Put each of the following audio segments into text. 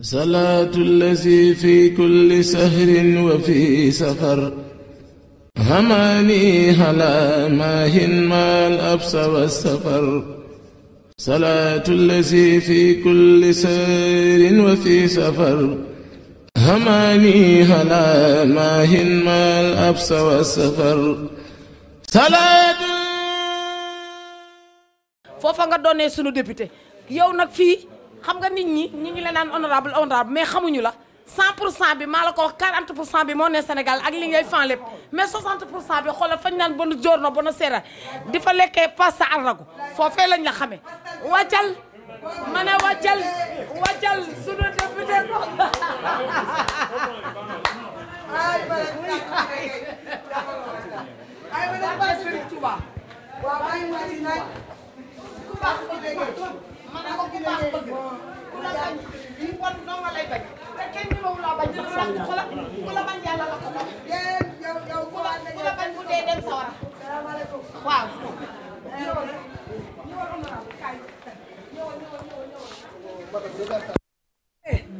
salaatu allazi fi kulli sahrin wa fi safar hamaani halaa maahin maal absa wa safar salaatu allazi fi kulli sahrin wa fi safar hamaani halaa maahin maal absa wa safar salaatu foofa nga doonee sunu député yow nag fii xam nga nit ñi ñi ngi la naan honorable honorable mais xamuñu la 100 pour cent bi maa la ko wax 40 pour cent bi moo ne Sénégal ak li ngay fan lépp mais 60 pour cent bi xoolal fañ naan bon joorno bon seera di fa lekkee pasta al ragu foofee lañ la xamee wàccal ma ne wàccal wàccal sunu député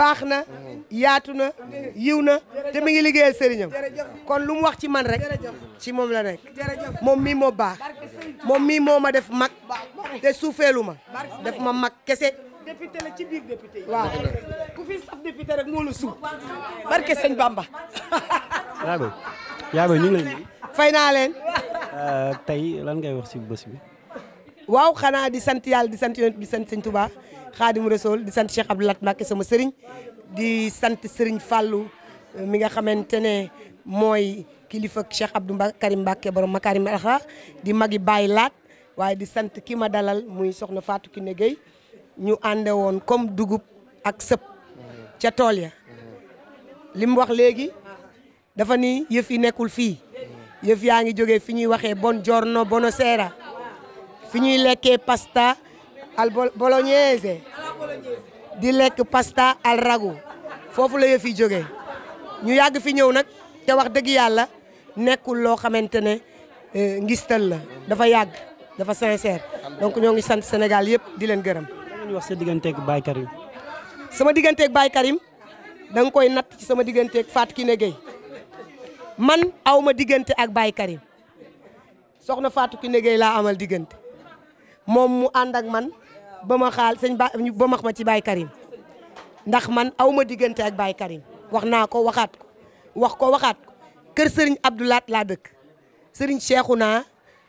baax na yaatu na yiw na te mi ngi liggéeyal sëriñam kon lu mu wax ci man rek ci moom la nekk moom mii moo baax moom mii moo ma def mag te suufeelu ma def ma mag kese député la ci biir député yi waaw ku fi saf naa leen euh, tey lan ngay wax si bi waaw xanaa di sant yàlla di sant yonent bi sant sëñ Touba Xaadimu Rasuul di sant Cheikh Abdou Lahad Mbacké sama sëriñ di sant sëriñ Fallou eh, mi nga xamante ne mooy kilifa Cheikh Abdou Karim Mbacké borom Makarim Akhlaq di magi Baye Laat waaye di sant ki ma dalal muy soxna faatu ki Gueye ñu ànde woon comme dugub ak sëb ca tool ya li mu wax léegi dafa ni yëf nekkul fii yëf yaa ngi jógee fi ñuy waxee bonjour no buonasera fi ñuy lekkee pasta al bolognaise di lekk pasta al rago foofu la yëf yi jógee ñu yàgg fi ñëw nag te wax dëgg yàlla nekkul loo xamante ne euh, ngistal la dafa yàgg dafa sincère donc ñoo ngi sant Sénégal yëpp di leen gërëm. lan ñu wax sa digganteeg Baye Karim. sama digganteeg Baye Karim da koy natt ci sama digganteeg Fatou ki Gueye man awma diggante ak Baye Karim soxna Fatou Kiné Gueye laa amal diggante. moom mu ànd ak man ba ma xaal sëñ ba ba ma ci Baye Karim ndax man awma diggante ak Baye Karim wax naa ko waxaat ko wax ko waxaat ko kër sëriñ Abdou Lahat laa dëkk Serigne naa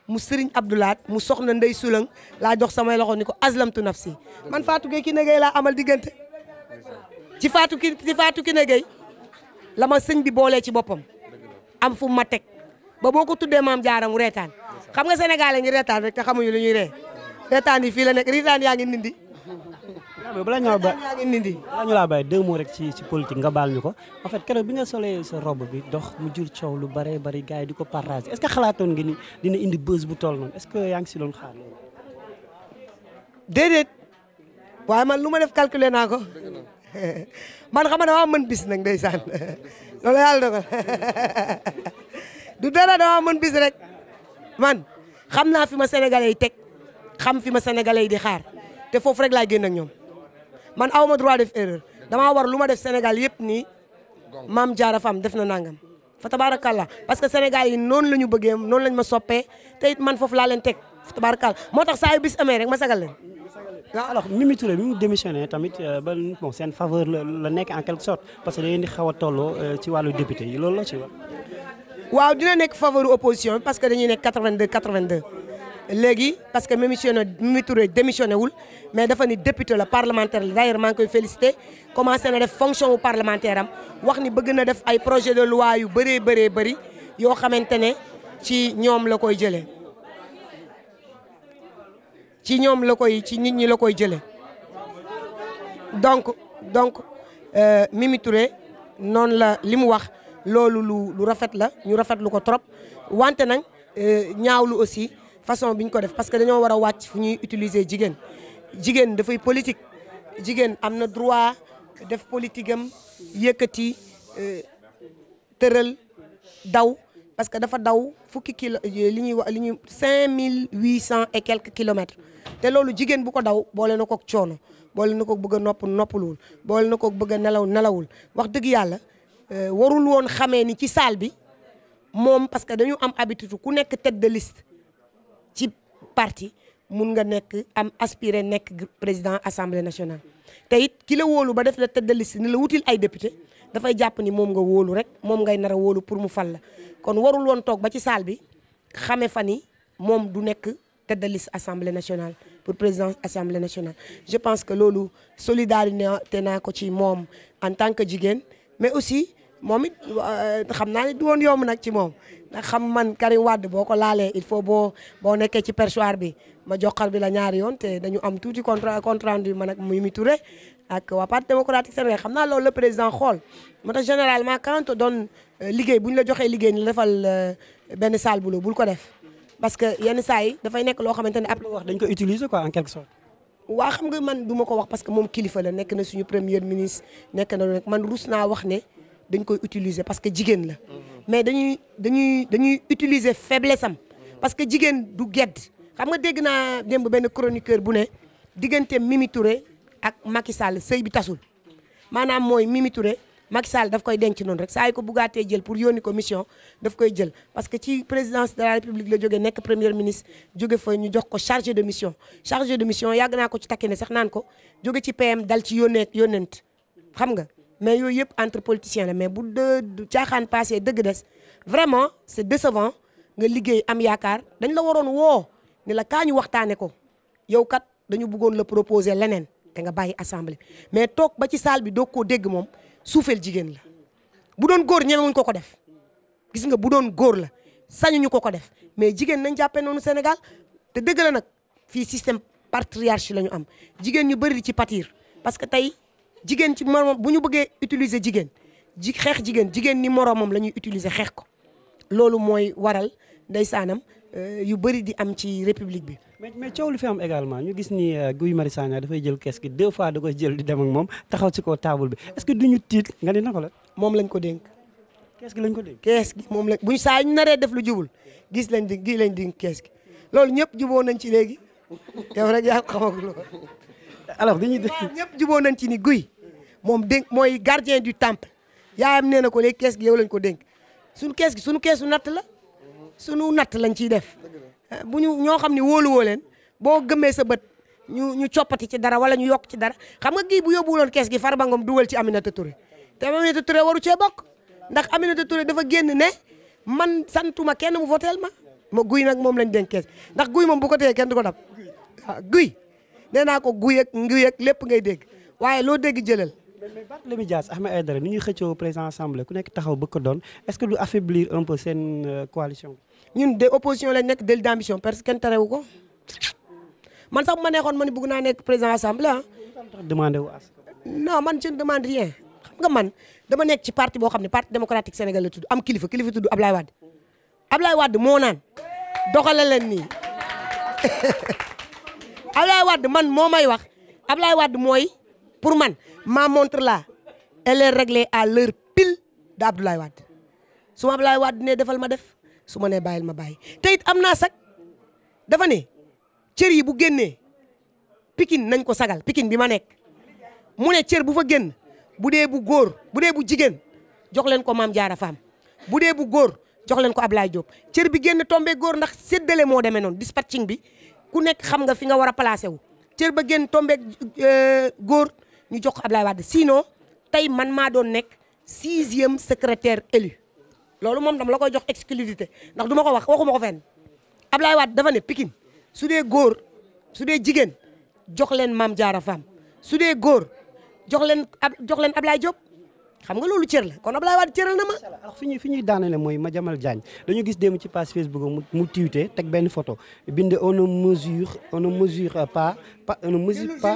mu sëriñ Abdou mu soxna Ndey Sulang laa jox samay loxo ni ko aslamtu nafsi man Fatou Gueye Kiné Gueye laa amal diggante ci Fatou ki ci Fatou la ma sëñ bi boolee ci boppam am fu ma teg ba boo ko tuddee maam jaaramu reetaan xam nga sénégalais ngi reetaan rek te xamuñu lu ñuy ree reetaan yi fii la nekk reetaan yaa ngi nindi. mais balaa ñu la rek ci ci politique nga baal ñu ko en fait keroog bi nga solee sa robe bi dox mu jur coow lu bare bari gars yi di ko partager est ce que xalaatoon nga ni dina indi buzz bu toll noonu est ce que yaa ngi si doon xaar waaye man lu ma def calculer naa ko. man xam nga damaa mën bis nag ndeysaan loolu yàlla dogal du dara damaa mën bis rek man xam naa fi ma Sénégalais yi teg. xam fi ma sénégalais yi di xaar te foofu rek laay génn ak ñoom man aw ma droit def erreur damaa war lu ma def Sénégal yëpp nii maam jaara fam def na nangam fa tabaarakàlla parce que Sénégal yi noonu la ñu bëggee noonu lañ ma soppee te man foofu laa leen teg fa tabaarakàlla moo tax saa yu bis amee rek ma sagal leen. waaw alors Mimi Touré bi mu démissionné tamit euh, ba bon seen faveur la nekk en quelque sorte parce que da xaw a tolloo euh, ci wàllu député yi la ci wax. waaw dina nekk faveur opposition parce que dañuy nekk léegi parce que démissionné Mimi Touré démissionné wul mais dafa ni député la parlementaire la d'ailleurs maa ngi koy félicité commencé na def fonction wu parlementaire am wax ni bëgg na def ay projet de loi yu bëree bëree bëri yoo xamante ne ci ñoom la koy jële ci ñoom la koy ci nit ñi la koy jëlee donc donc euh, Mimi Touré noonu la li mu wax loolu lu lu rafet la ñu rafetlu ko trop wante nag euh, ñaawlu aussi. façon bi ñu ko def parce que dañoo war a wàcc fu ñuy utiliser jigéen jigéen dafay politique jigéen am na droit def politique am yëkkati euh, tëral daw parce que dafa daw fukki kilo euh, li ñuy wax li ñuy cinq mille huit cent et quelques kilomètres te loolu jigéen bu ko daw boole na ko coono boole na ko bëgg a nopp noppaluwul boole na ko bëgg a nelaw nelawul wax dëgg yàlla euh, warul woon xamee ni ci salle bi moom parce que dañu am habitude ku nekk tête de liste ci parti mun nga nekk am aspire nekk président assemblée nationale te it ki la ba def la tête de ni la wutil ay député dafay jàpp ni moom nga wóolu rek moom ngay nara a wóolu pour mu fal la kon warul woon toog ba ci salle bi xame fa ni moom du nekk tête de liste assemblée nationale pour président assemblée nationale je pense que loolu solidarité naa ko ci moom en tant que jigéen mais aussi moom it euh, xam naa ne du woon yomb nag ci moom ndax xam man Karim Wade boo ko laalee il faut boo boo nekkee ci perchoir bi ma joxal bi la ñaari yoon te dañu am tuuti contrat contrat du man ak Mimi Touré ak waa parti démocratique sénégalais xam naa lool la président xool moo tax généralement quand on donne euh, liggéey bu ñu la joxee liggéey ni defal euh, benn sale boulot bul ko def parce que yenn saa yi dafay nekk loo xamante ne après wax dañ ko utiliser ko en quelque sorte. waa xam nga man du ma ko wax parce que moom kilifa la nekk na suñu premier ministre nekk na lu man naa wax ne. dañ koy utiliser parce que jigéen la mais dañuy dañuy dañuy utiliser faiblesse am parce que jigéen du gedd xam nga dégg naa démb benn chroniqueur bu ne diggante Mimi Touré ak Macky Sall sëy bi tasul maanaam mooy Mimi Touré Macky daf koy denci noonu rek saa ko buggaatee jël pour yónni ko mission daf koy jël parce que ci présidence de la république la jógee nekk premier ministre jóge fa ñu jox ko chargé de mission chargé de mission yàgg naa ko ci takki ne sax naan ko jóge ci PM dal ci yónnee yónneent xam nga mais yooyu yëpp entre politicien la mais bu dee caaxaan passé dëgg des vraiment c'est décevant nga liggéey am yaakaar dañu la waroon woo ne la kaa ñu waxtaanee ko yow kat dañu buggoon la proposer leneen te nga bàyyi assemblée mais toog ba ci salle bi doog koo dégg moom suufeel jigéen la bu doon góor ñemewuñ ko ko def gis nga bu doon góor la sañuñu ko ko def mais jigéen nañ jàppee noonu Sénégal te dëgg la nag fii système patriarche la ñu am jigéen ñu bëri ci pâtir parce que tey. jigéen ci moroom bu ñu bëggee utiliser jigéen ji xeex jigéen jigéen ni moroomam la ñuy utiliser xeex ko loolu mooy waral ndeysaanam euh, yu bëri di am ci république bi. mais mais coow li fi am également ñu gis ni euh, Guy mari Sagna dafay jël kees gi deux fois da koy jël di dem moom taxaw ci ko taabul bi est-ce que duñu tiit nga ni naka la. moom lañ ko dénk. kees gi lañ ko dénk. kees gi moom lañ buñ saa ñu naree def lu jubul gis lañ di gii lañ di kees gi loolu ñëpp juboo nañ ci léegi yow rek yaa xamagul alors dañuy ñëpp juboo nañ ci ni Guy. moom dénk mooy gardien du temple yaayam nee na ko léegi kees gi yow lañ ko dénk suñu kees gi suñu keesu natt la suñu natt lañ ciy def eh, bu ñu ñoo xam ne wóoluwoo leen boo gëmmee sa bët ñu ñu coppati ci dara wala ñu yokk ci dara xam nga kii bu yobuloon kees gi Farba Ngom dugal ci Aminata Touré te Aminata Touré waru cee bokk ndax Aminata Touré dafa génn ne man santu ma kenn mu voteel ma ma guy nag moom lañ dénk kees ndax guy moom bu ko téyee kenn du ko dab ah, guy nee naa ko guy ak lépp ngay dégg waaye loo dégg jëlal mais Barthélémy Dias Ahmed Aïdara ni ñuy xëccoo président assemblée ku que du affaiblir un peu euh, man sax ma neexoon ma ne bëgg naa nekk président assemblée ah. demandé wu man je ne demande rien xam nga man dama nekk ci parti boo xam ne parti démocratique Sénégal la tudd am kilifa kilifa tudd Ablaye Wade Ablaye Wade moo naan doxale leen nii Ablaye Wade man moo may wax Ablaye Wade mooy. pour man ma montre là elle est réglée à l'heure pile da Abdoulaye Wade su ma Abdoulaye Wade ne defal ma def su ma nee bàyyil ma bàyyi te it am naa sag dafa ne cër yi bu génnee pikin nañ ko sagal pikin bi ma nekk mu ne cër bu fa génn bu dee bu góor bu dee bu jigéen jox leen ko maam jaara faam bu dee bu góor jox leen ko Ablaye Diop cër bi génn tombé góor ndax séddale moo demee noonu dispatching bi ku nekk xam nga fi nga war a placé wu ba génn tombé euh, góor ñu jox ko Ablaye Wade sinon tey man maa doon nekk sixième secrétaire élu loolu moom dama la koy jox exclusivité ndax du ko wax waxuma ko fen Ablaye Wade dafa ne Pikine su dee góor su dee jigéen jox leen Mame Diarra Fam su dee góor jox leen jox leen Ablaye Diop xam nga loolu cër la kon Abdoulaye Wade cëral na ma. alors fi ñuy fi ñuy daanale mooy Madiambal Diagne dañu gis démb ci page Facebook mu mu tiwte teg benn photo bind on ne mesure on ne mesure pas pas on ne mesure pas.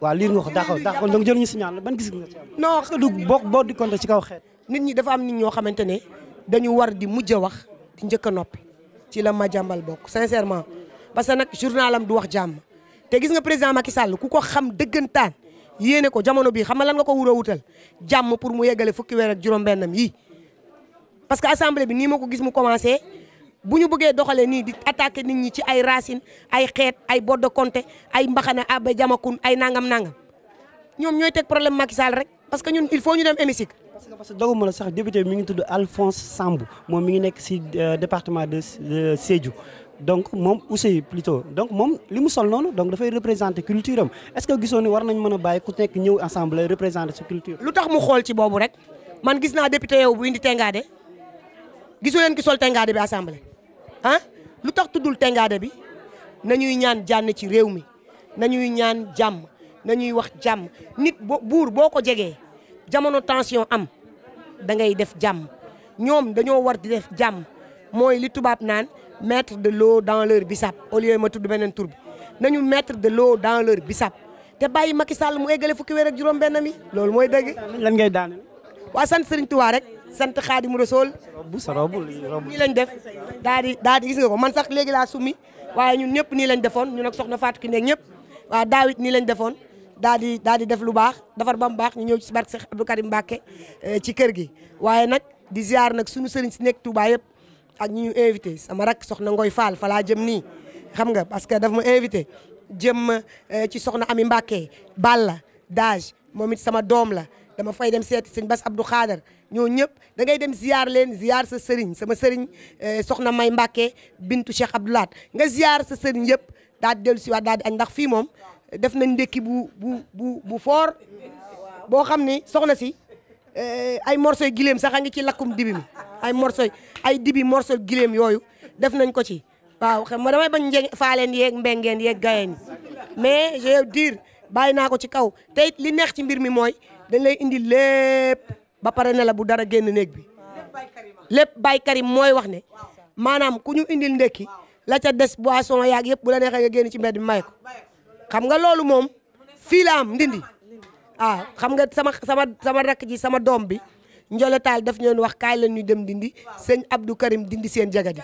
waaw liir nga ko d'accord d'accord donc jëluñu signal ban gis nga. non parce que du boo boo di compter ci kaw xeet. nit ñi dafa am nit ñoo xamante ne dañu war di mujj a wax di njëkk a noppi ci la Madiambal bokk sincèrement parce que nag journalam du wax jàmm te gis nga président Macky Sall ku ko xam dëggantaan. yéene ko jamono bii xam nga lan nga ko wuroo wutal jàmm pour mu yeggale fukki weer ak juróom-bennam yi parce que assemblée bi nii ma ko gis mu commencé bu ñu bëggee doxalee nii di attaqué nit ñi ci ay racine ay xeet ay bodde konté ay mbaxana ba jamakun ay nangam nangam ñoom ñooy teg problème Macky Sall rek parce que ñun il faut ñu dem hémicycle. parce que parce que doguma la sax député mi ngi tudd Alphonse Sambou moom mi ngi nekk si euh, département de Sédhiou. donc moom Ousseye plutôt donc moom li mu sol noonu donc dafay représenter culture am est-ce que gisoon ni war nañ mën a bàyyi ku nekk ñëw assemblée représenter sa culture. lu tax mu xool ci boobu rek man gis naa député yow bu indi tengaade gisu leen ki sol tengaade bi assemblée ah lu tax tuddul tengaade bi nañuy ñaan jànn ci réew mi nañuy ñaan jàmm nañuy wax jàmm nit bo buur boo ko jegee jamono tension am da ngay def jàmm ñoom dañoo war di def jàmm mooy li tubaab naan. mettre de l'eau dans leur bisap au lieu ma tudd beneen tur bi nañu mettre de l'eau dans leur bisap te bàyyi Macky Sall mu eggale fukki weer ak juróom benn mi loolu mooy dëgg. lan ngay daane. waa sant Serigne Touba rek sant Xaadimu Rasuul. nii lañ def daal di daal di gis nga ko man sax léegi laa summi waaye ñun ñëpp nii lañ defoon ñun ak soxna Fatou Kiné ñëpp waa daaw it nii lañ defoon daal di daal di def lu baax defar ba mu baax ñu ñëw ci barke Cheikh Abdou Karim Mbacké eh, ci kër gi waaye nag di ziar nag suñu Serigne si nekk Touba yëpp. ak ñi ñu invité sama rak soxna Ngoy Fall falaa jëm nii xam nga parce que daf ma invité jëm eh, ci soxna Ami Mbacke Balla Dage moom it sama doom la dama fay dem seeti sëñ Bass Abdou Khader ñoo ñëpp da ngay dem ziar leen ziar sa sëriñ sama e soxna May Mbacke bintu Cheikh Abdoulaat nga ziar sa sëriñ yëpp daad di dellu si waat daal di añ ndax fii moom def nañ ndekki bu bu bu bu fort boo xam ni soxna si. Eh, ay morceau gileem sax a ngi ci lakkum dibi mi ay morceau ay dibi morceau gileem yooyu def nañ ko ci waaw xam ma damay bañ njëg faaleen yeeg mbengeen yeeg gayeen mais je veux dire bàyyi naa ko ci kaw te it li neex ci mbir mi mooy dañ lay indi lépp ba pare ne la bu dara génn néeg bi lépp Baye Karim mooy wax ne maanaam ku ñu indil ndekki la ca des boisson yaag yëpp bu la neexee génn ci mbedd bi may ko xam nga loolu moom fii la am ndindi ah xam nga sama sama sama rakk ji sama doom bi Ndiolé Tall daf ñeen wax kaay la ñuy dem dindi sëñ Abdou Karim dindi seen jagadi.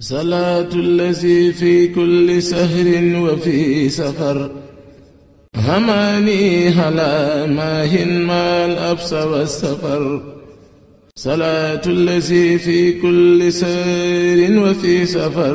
salaatu lazi fi kulli sahrin wa fi safar. hamaani ala maahin maal absa wa safar. salaatu lazi fi kulli sahrin wa fi safar.